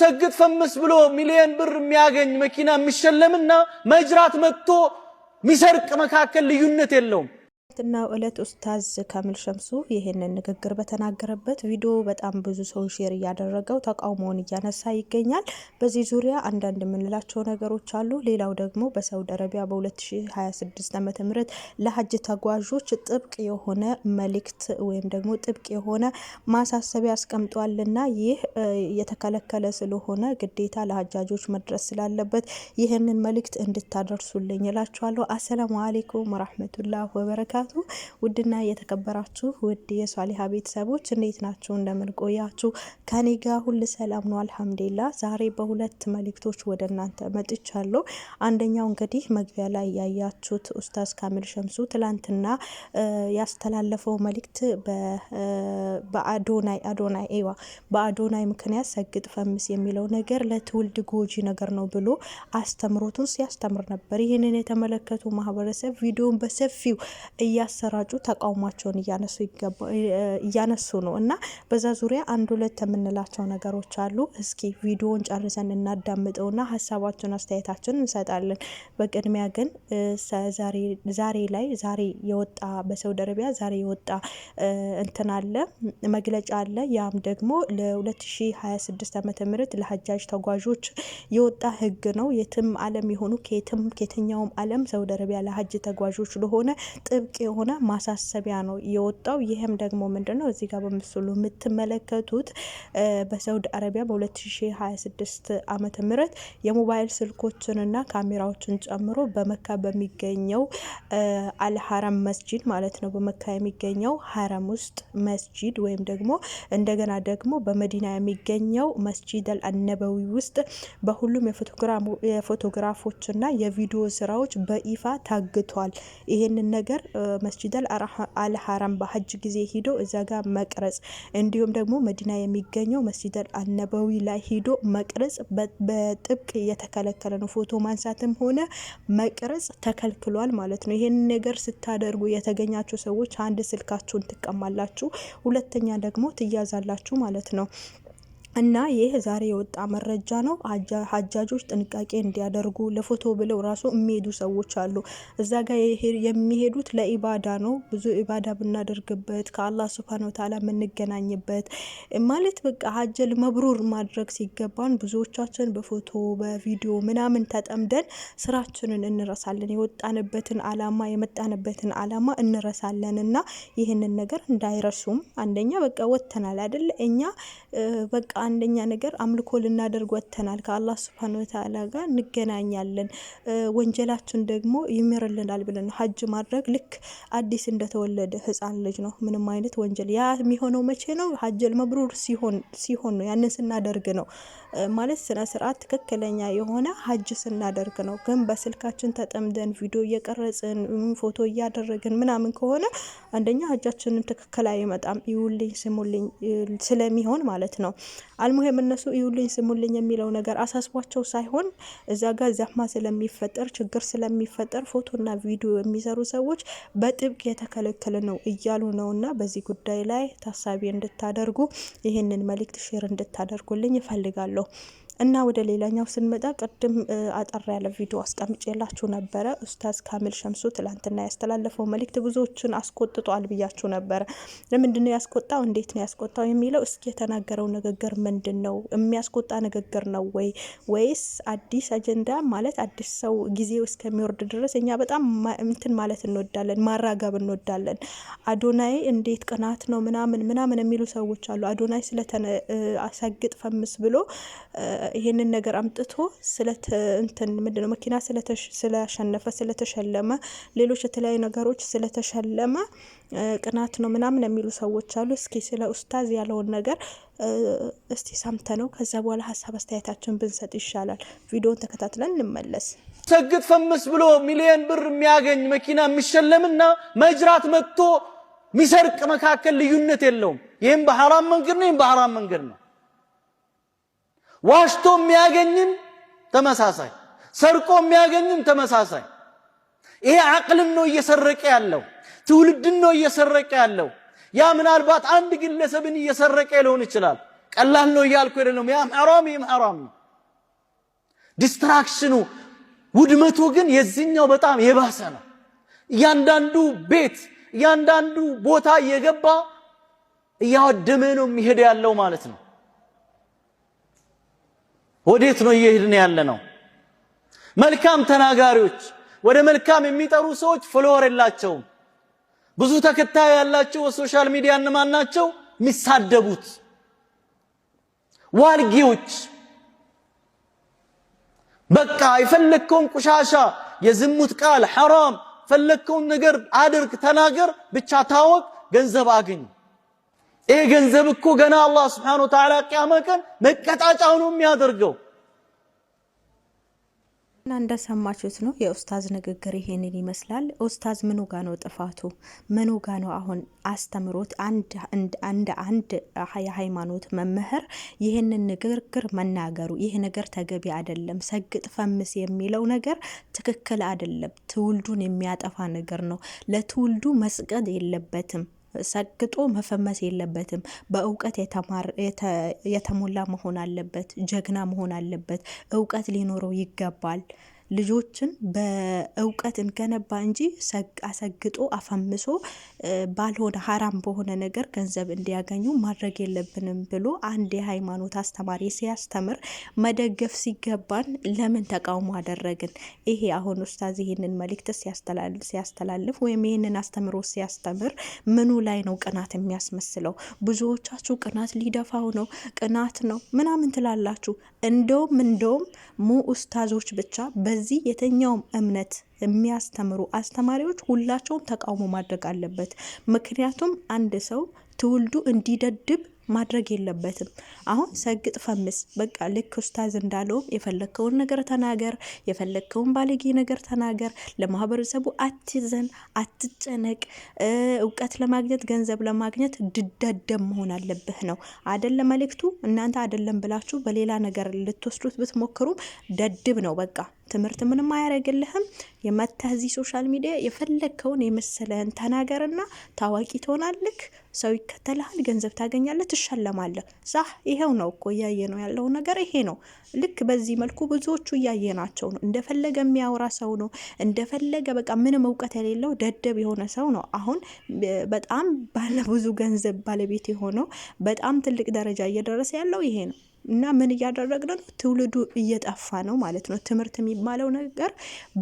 ሰግጥ ፈምስ ብሎ ሚሊዮን ብር የሚያገኝ መኪና የሚሸለምና መጅራት መጥቶ ሚሰርቅ መካከል ልዩነት የለውም። በትናንትናው ዕለት ኡስታዝ ካሚል ሸምሱ ይህንን ንግግር በተናገረበት ቪዲዮ በጣም ብዙ ሰው ሼር እያደረገው ተቃውሞውን እያነሳ ይገኛል። በዚህ ዙሪያ አንዳንድ የምንላቸው ነገሮች አሉ። ሌላው ደግሞ በሳውዲ አረቢያ በ2026 ዓ ም ለሀጅ ተጓዦች ጥብቅ የሆነ መልእክት ወይም ደግሞ ጥብቅ የሆነ ማሳሰቢያ አስቀምጧልና ይህ የተከለከለ ስለሆነ ግዴታ ለሀጃጆች መድረስ ስላለበት ይህንን መልእክት እንድታደርሱልኝ ይላችኋለሁ። አሰላሙ አሌይኩም ወረህመቱላህ ወበረካቱ ተመልከቱ። ውድና የተከበራችሁ ውድ የሷሊሃ ቤተሰቦች እንዴት ናችሁ? እንደምንቆያችሁ ከኔ ጋር ሁል ሰላም ነው አልሐምዴላ። ዛሬ በሁለት መልእክቶች ወደ እናንተ መጥቻለሁ። አንደኛው እንግዲህ መግቢያ ላይ ያያችሁት ኡስታዝ ካሚል ሸምሱ ትላንትና ያስተላለፈው መልእክት በአዶናይ አዶናይ ኤዋ በአዶናይ ምክንያት ሰግጥ ፈምስ የሚለው ነገር ለትውልድ ጎጂ ነገር ነው ብሎ አስተምሮቱን ሲያስተምር ነበር። ይህንን የተመለከቱ ማህበረሰብ ቪዲዮን በሰፊው እያሰራጩ ተቃውሟቸውን እያነሱ ነው እና በዛ ዙሪያ አንድ ሁለት የምንላቸው ነገሮች አሉ። እስኪ ቪዲዮውን ጨርሰን እናዳምጠውና ሀሳባችን አስተያየታችን እንሰጣለን። በቅድሚያ ግን ዛሬ ላይ ዛሬ የወጣ በሳውዲ አረቢያ ዛሬ የወጣ እንትን አለ መግለጫ አለ። ያም ደግሞ ለ2026 ዓመተ ምህረት ለሀጃጅ ተጓዦች የወጣ ህግ ነው። የትም ዓለም የሆኑ ከየትም ከየትኛውም ዓለም ሳውዲ አረቢያ ለሀጅ ተጓዦች ለሆነ ጥብቅ የሆነ ማሳሰቢያ ነው የወጣው። ይህም ደግሞ ምንድን ነው እዚህ ጋር በምስሉ የምትመለከቱት በሳውዲ አረቢያ በ2026 ዓመተ ምህረት የሞባይል ስልኮችንና ካሜራዎችን ጨምሮ በመካ በሚገኘው አልሀረም መስጂድ ማለት ነው በመካ የሚገኘው ሀረም ውስጥ መስጂድ ወይም ደግሞ እንደገና ደግሞ በመዲና የሚገኘው መስጂድ አልነበዊ ውስጥ በሁሉም የፎቶግራፎችና የቪዲዮ ስራዎች በይፋ ታግቷል። ይህንን ነገር መስጂደል አልሐራም በሀጅ ጊዜ ሂዶ እዛ ጋር መቅረጽ እንዲሁም ደግሞ መዲና የሚገኘው መስጂደል አነበዊ ላይ ሂዶ መቅረጽ በጥብቅ እየተከለከለ ነው። ፎቶ ማንሳትም ሆነ መቅረጽ ተከልክሏል ማለት ነው። ይህን ነገር ስታደርጉ የተገኛችሁ ሰዎች አንድ ስልካችሁን ትቀማላችሁ፣ ሁለተኛ ደግሞ ትያዛላችሁ ማለት ነው። እና ይህ ዛሬ የወጣ መረጃ ነው። ሀጃጆች ጥንቃቄ እንዲያደርጉ ለፎቶ ብለው ራሱ የሚሄዱ ሰዎች አሉ። እዛ ጋር የሚሄዱት ለኢባዳ ነው። ብዙ ኢባዳ ብናደርግበት ከአላህ ስብሃነ ወተዓላ የምንገናኝበት ማለት በቃ ሀጀል መብሩር ማድረግ ሲገባን ብዙዎቻችን በፎቶ በቪዲዮ ምናምን ተጠምደን ስራችንን እንረሳለን። የወጣንበትን አላማ የመጣንበትን አላማ እንረሳለን እና ይህንን ነገር እንዳይረሱም አንደኛ በቃ ወተናል አይደለ እኛ በቃ አንደኛ ነገር አምልኮ ልናደርግ ወጥተናል። ከአላህ ስብሃነ ወተዓላ ጋር እንገናኛለን፣ ወንጀላችን ደግሞ ይምርልናል ብለን ነው ሀጅ ማድረግ። ልክ አዲስ እንደተወለደ ህፃን ልጅ ነው፣ ምንም አይነት ወንጀል። ያ የሚሆነው መቼ ነው? ሀጀል መብሩር ሲሆን ነው። ያንን ስናደርግ ነው ማለት ስነ ስርዓት ትክክለኛ የሆነ ሀጅ ስናደርግ ነው። ግን በስልካችን ተጠምደን ቪዲዮ እየቀረጽን ፎቶ እያደረግን ምናምን ከሆነ አንደኛ ሀጃችንም ትክክል አይመጣም። ይውልኝ ስሙልኝ ስለሚሆን ማለት ነው። አልሙሄም እነሱ ይሁልኝ ስሙልኝ የሚለው ነገር አሳስቧቸው ሳይሆን እዛ ጋር ዘህማ ስለሚፈጠር ችግር ስለሚፈጠር ፎቶና ቪዲዮ የሚሰሩ ሰዎች በጥብቅ የተከለከለ ነው እያሉ እና በዚህ ጉዳይ ላይ ታሳቢ እንድታደርጉ ይህንን መልእክት ሼር እንድታደርጉልኝ ይፈልጋለሁ። እና ወደ ሌላኛው ስንመጣ ቅድም አጠር ያለ ቪዲዮ አስቀምጬላችሁ ነበረ። ኡስታዝ ካሚል ሸምሱ ትላንትና ያስተላለፈው መልእክት ብዙዎችን አስቆጥጧል ብያችሁ ነበረ። ለምንድን ነው ያስቆጣው? እንዴት ነው ያስቆጣው የሚለው እስኪ የተናገረው ንግግር ምንድን ነው? የሚያስቆጣ ንግግር ነው ወይ ወይስ አዲስ አጀንዳ ማለት አዲስ ሰው ጊዜው እስከሚወርድ ድረስ እኛ በጣም እንትን ማለት እንወዳለን፣ ማራገብ እንወዳለን። አዶናይ እንዴት ቅናት ነው ምናምን ምናምን የሚሉ ሰዎች አሉ። አዶናይ ስለተሳግጥ ፈምስ ብሎ ይሄንን ነገር አምጥቶ ስለእንትን ምንድን መኪና ስላሸነፈ ስለተሸለመ፣ ሌሎች የተለያዩ ነገሮች ስለተሸለመ ቅናት ነው ምናምን የሚሉ ሰዎች አሉ። እስኪ ስለ ኡስታዝ ያለውን ነገር እስቲ ሰምተ ነው ከዛ በኋላ ሀሳብ አስተያየታችን ብንሰጥ ይሻላል። ቪዲዮን ተከታትለን እንመለስ። ሰግጥ ፈምስ ብሎ ሚሊዮን ብር የሚያገኝ መኪና የሚሸለምና መጅራት መጥቶ ሚሰርቅ መካከል ልዩነት የለውም። ይህም በሐራም መንገድ ነው፣ ይህም በሐራም መንገድ ነው። ዋሽቶ የሚያገኝም ተመሳሳይ፣ ሰርቆ የሚያገኝም ተመሳሳይ። ይሄ አቅልን ነው እየሰረቀ ያለው፣ ትውልድን ነው እየሰረቀ ያለው። ያ ምናልባት አንድ ግለሰብን እየሰረቀ ሊሆን ይችላል። ቀላል ነው እያልኩ አይደለም። ያም ሐራም ይህም ሐራም ነው። ዲስትራክሽኑ ውድመቱ ግን የዚህኛው በጣም የባሰ ነው። እያንዳንዱ ቤት እያንዳንዱ ቦታ እየገባ እያወደመ ነው የሚሄድ ያለው ማለት ነው። ወዴት ነው እየሄድን ያለ ነው? መልካም ተናጋሪዎች ወደ መልካም የሚጠሩ ሰዎች ፍሎወር የላቸውም። ብዙ ተከታይ ያላቸው በሶሻል ሚዲያ እነማን ናቸው? የሚሳደቡት ዋልጌዎች። በቃ የፈለግከውን ቆሻሻ የዝሙት ቃል ሐራም፣ ፈለግከውን ነገር አድርግ፣ ተናገር፣ ብቻ ታወቅ፣ ገንዘብ አግኝ። ይሄ ገንዘብ እኮ ገና አላህ ስብሓነሁ ወተዓላ ቅያማ ቀን መቀጣጫ ነው የሚያደርገው። እና እንደሰማችሁት ነው የኡስታዝ ንግግር ይሄንን ይመስላል። ኡስታዝ ምኑ ጋ ነው ጥፋቱ? ምኑ ጋ ነው አሁን አስተምሮት? እንደ አንድ የሃይማኖት መምህር ይህንን ንግግር መናገሩ ይህ ነገር ተገቢ አይደለም፣ ሰግጥ ፈምስ የሚለው ነገር ትክክል አይደለም። ትውልዱን የሚያጠፋ ነገር ነው። ለትውልዱ መስቀድ የለበትም። ሰግጦ መፈመስ የለበትም። በእውቀት የተሞላ መሆን አለበት። ጀግና መሆን አለበት። እውቀት ሊኖረው ይገባል። ልጆችን በእውቀት እንገነባ እንጂ አሰግጦ አፈምሶ ባልሆነ ሀራም በሆነ ነገር ገንዘብ እንዲያገኙ ማድረግ የለብንም ብሎ አንድ የሃይማኖት አስተማሪ ሲያስተምር መደገፍ ሲገባን ለምን ተቃውሞ አደረግን? ይሄ አሁን ኡስታዝ ይህንን መልእክት ሲያስተላልፍ ወይም ይህንን አስተምሮ ሲያስተምር ምኑ ላይ ነው ቅናት የሚያስመስለው? ብዙዎቻችሁ ቅናት ሊደፋው ነው ቅናት ነው ምናምን ትላላችሁ። እንደውም እንደውም ሙ ኡስታዞች ብቻ ስለዚህ የትኛውም እምነት የሚያስተምሩ አስተማሪዎች ሁላቸውም ተቃውሞ ማድረግ አለበት። ምክንያቱም አንድ ሰው ትውልዱ እንዲደድብ ማድረግ የለበትም። አሁን ሰግጥ ፈምስ በቃ ልክ ኡስታዝ እንዳለውም የፈለግከውን ነገር ተናገር፣ የፈለግከውን ባለጌ ነገር ተናገር። ለማህበረሰቡ አትዘን፣ አትጨነቅ። እውቀት ለማግኘት ገንዘብ ለማግኘት ድደደብ መሆን አለብህ ነው አደለ መልእክቱ። እናንተ አደለም ብላችሁ በሌላ ነገር ልትወስዱት ብትሞክሩም ደድብ ነው በቃ ትምህርት ምንም አያደርግልህም። የመተህ እዚህ ሶሻል ሚዲያ የፈለግከውን የመሰለህን ተናገርና ታዋቂ ትሆናለህ፣ ሰው ይከተልሃል፣ ገንዘብ ታገኛለህ፣ ትሸለማለህ። ዛህ ይሄው ነው እኮ እያየ ነው ያለው ነገር ይሄ ነው። ልክ በዚህ መልኩ ብዙዎቹ እያየ ናቸው ነው። እንደፈለገ የሚያወራ ሰው ነው እንደፈለገ በቃ ምንም እውቀት የሌለው ደደብ የሆነ ሰው ነው። አሁን በጣም ባለብዙ ገንዘብ ባለቤት የሆነው በጣም ትልቅ ደረጃ እየደረሰ ያለው ይሄ ነው። እና ምን እያደረግን ነው? ትውልዱ እየጠፋ ነው ማለት ነው። ትምህርት የሚባለው ነገር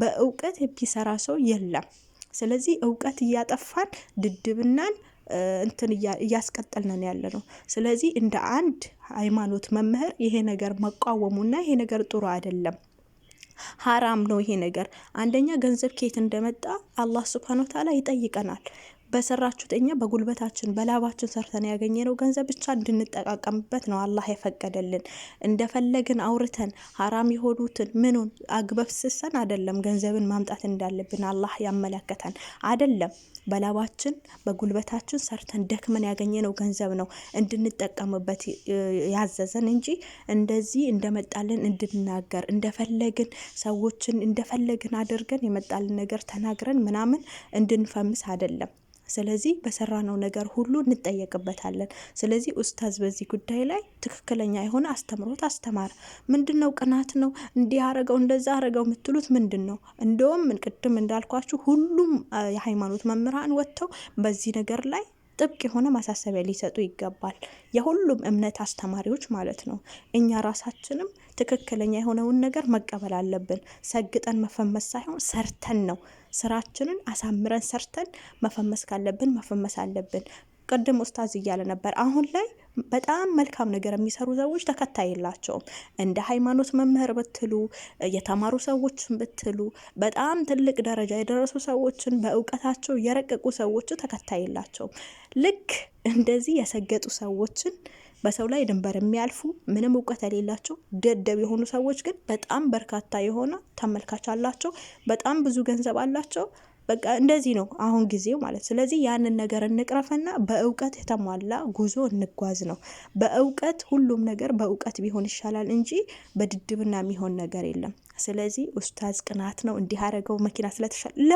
በእውቀት የሚሰራ ሰው የለም። ስለዚህ እውቀት እያጠፋን ድድብናን እንትን እያስቀጠልነን ያለ ነው። ስለዚህ እንደ አንድ ሃይማኖት መምህር ይሄ ነገር መቃወሙና ይሄ ነገር ጥሩ አይደለም፣ ሀራም ነው ይሄ ነገር። አንደኛ ገንዘብ ኬት እንደመጣ አላህ ስብሃነ ወተዓላ ይጠይቀናል። በሰራችሁት እኛ በጉልበታችን በላባችን ሰርተን ያገኘነው ገንዘብ ብቻ እንድንጠቃቀምበት ነው አላህ የፈቀደልን። እንደፈለግን አውርተን ሀራም የሆኑትን ምኑን ስሰን አይደለም ገንዘብን ማምጣት እንዳለብን አላህ ያመለከተን አይደለም። በላባችን በጉልበታችን ሰርተን ደክመን ያገኘነው ገንዘብ ነው እንድንጠቀምበት ያዘዘን እንጂ እንደዚህ እንደመጣልን እንድንናገር እንደፈለግን ሰዎችን እንደፈለግን አድርገን የመጣልን ነገር ተናግረን ምናምን እንድንፈምስ አይደለም። ስለዚህ በሰራነው ነገር ሁሉ እንጠየቅበታለን። ስለዚህ ኡስታዝ በዚህ ጉዳይ ላይ ትክክለኛ የሆነ አስተምሮት አስተማር ምንድን ነው ቅናት ነው እንዲህ አረገው እንደዛ አረገው የምትሉት ምንድን ነው? እንደውም ቅድም እንዳልኳችሁ ሁሉም የሃይማኖት መምህራን ወጥተው በዚህ ነገር ላይ ጥብቅ የሆነ ማሳሰቢያ ሊሰጡ ይገባል። የሁሉም እምነት አስተማሪዎች ማለት ነው። እኛ ራሳችንም ትክክለኛ የሆነውን ነገር መቀበል አለብን። ሰግጠን መፈመስ ሳይሆን ሰርተን ነው ስራችንን አሳምረን ሰርተን መፈመስ ካለብን መፈመስ አለብን። ቅድም ኡስታዝ እያለ ነበር። አሁን ላይ በጣም መልካም ነገር የሚሰሩ ሰዎች ተከታይ የላቸውም። እንደ ሃይማኖት መምህር ብትሉ፣ የተማሩ ሰዎችን ብትሉ፣ በጣም ትልቅ ደረጃ የደረሱ ሰዎችን በእውቀታቸው የረቀቁ ሰዎች ተከታይ የላቸውም። ልክ እንደዚህ የሰገጡ ሰዎችን በሰው ላይ ድንበር የሚያልፉ ምንም እውቀት የሌላቸው ደደብ የሆኑ ሰዎች ግን በጣም በርካታ የሆነ ተመልካች አላቸው። በጣም ብዙ ገንዘብ አላቸው። በቃ እንደዚህ ነው አሁን ጊዜው ማለት። ስለዚህ ያንን ነገር እንቅረፍና በእውቀት የተሟላ ጉዞ እንጓዝ ነው። በእውቀት ሁሉም ነገር በእውቀት ቢሆን ይሻላል እንጂ በድድብና የሚሆን ነገር የለም። ስለዚህ ኡስታዝ ቅናት ነው እንዲህ አረገው መኪና ስለተሻለ ላ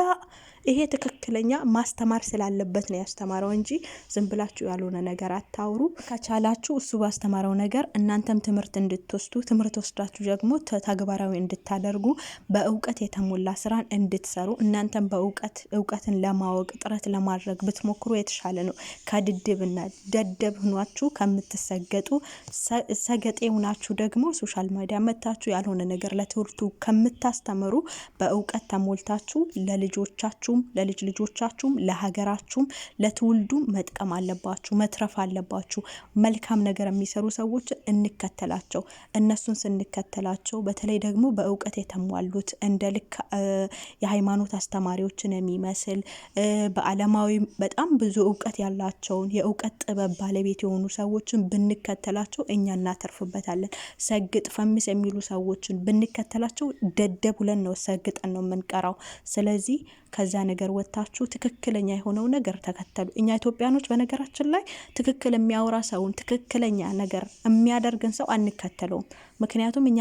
ይሄ ትክክለኛ ማስተማር ስላለበት ነው ያስተማረው እንጂ ዝም ብላችሁ ያልሆነ ነገር አታውሩ። ከቻላችሁ እሱ ባስተማረው ነገር እናንተም ትምህርት እንድትወስዱ ትምህርት ወስዳችሁ ደግሞ ተግባራዊ እንድታደርጉ በእውቀት የተሞላ ስራን እንድትሰሩ እናንተም በእውቀት እውቀትን ለማወቅ ጥረት ለማድረግ ብትሞክሩ የተሻለ ነው። ከድድብና ደደብ ሁኗችሁ ከምትሰገጡ ሰገጤ ሁናችሁ ደግሞ ሶሻል ሚዲያ መታችሁ ያልሆነ ነገር ለትውልቱ ከምታስተምሩ በእውቀት ተሞልታችሁ ለልጆቻችሁም ለልጅ ልጆቻችሁም ለሀገራችሁም ለትውልዱ መጥቀም አለባችሁ፣ መትረፍ አለባችሁ። መልካም ነገር የሚሰሩ ሰዎች እንከተላቸው። እነሱን ስንከተላቸው በተለይ ደግሞ በእውቀት የተሟሉት እንደ ልክ የሃይማኖት አስተማሪዎችን የሚመስል በዓለማዊ በጣም ብዙ እውቀት ያላቸውን የእውቀት ጥበብ ባለቤት የሆኑ ሰዎችን ብንከተላቸው እኛ እናተርፍበታለን። ሰግጥ ፈምስ የሚሉ ሰዎችን ብንከተላቸው ካላችሁ ደደብ ብለን ነው ሰግጠን ነው የምንቀራው። ስለዚህ ከዛ ነገር ወጥታችሁ ትክክለኛ የሆነው ነገር ተከተሉ። እኛ ኢትዮጵያኖች በነገራችን ላይ ትክክል የሚያወራ ሰውን ትክክለኛ ነገር የሚያደርግን ሰው አንከተለውም። ምክንያቱም እኛ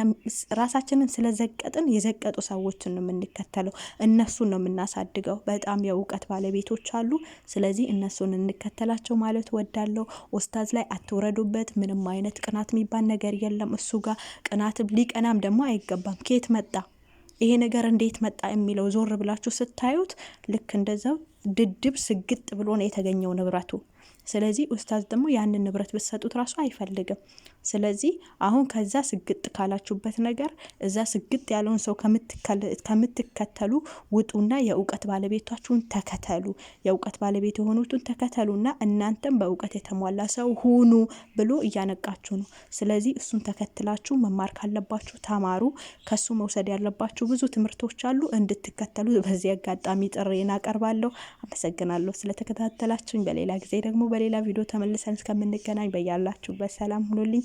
ራሳችንን ስለዘቀጥን የዘቀጡ ሰዎችን ነው የምንከተለው፣ እነሱን ነው የምናሳድገው። በጣም የእውቀት ባለቤቶች አሉ። ስለዚህ እነሱን እንከተላቸው ማለት ወዳለው። ኦስታዝ ላይ አትውረዱበት። ምንም አይነት ቅናት የሚባል ነገር የለም እሱ ጋር ቅናት ሊቀናም ደግሞ አይገባም። ከየት መጣ ይሄ ነገር እንዴት መጣ የሚለው ዞር ብላችሁ ስታዩት ልክ እንደዛው ድድብ ስግጥ ብሎ ነው የተገኘው ንብረቱ። ስለዚህ ኡስታዝ ደግሞ ያንን ንብረት ብትሰጡት ራሱ አይፈልግም። ስለዚህ አሁን ከዛ ስግጥ ካላችሁበት ነገር እዛ ስግጥ ያለውን ሰው ከምትከተሉ ውጡና የእውቀት ባለቤታችሁን ተከተሉ። የእውቀት ባለቤት የሆኑትን ተከተሉና እናንተም በእውቀት የተሟላ ሰው ሁኑ ብሎ እያነቃችሁ ነው። ስለዚህ እሱን ተከትላችሁ መማር ካለባችሁ ተማሩ። ከሱ መውሰድ ያለባችሁ ብዙ ትምህርቶች አሉ እንድትከተሉ በዚህ አጋጣሚ ጥሬን አቀርባለሁ። አመሰግናለሁ ስለተከታተላችሁኝ። በሌላ ጊዜ ደግሞ በሌላ ቪዲዮ ተመልሰን እስከምንገናኝ በያላችሁበት ሰላም ሁኑልኝ።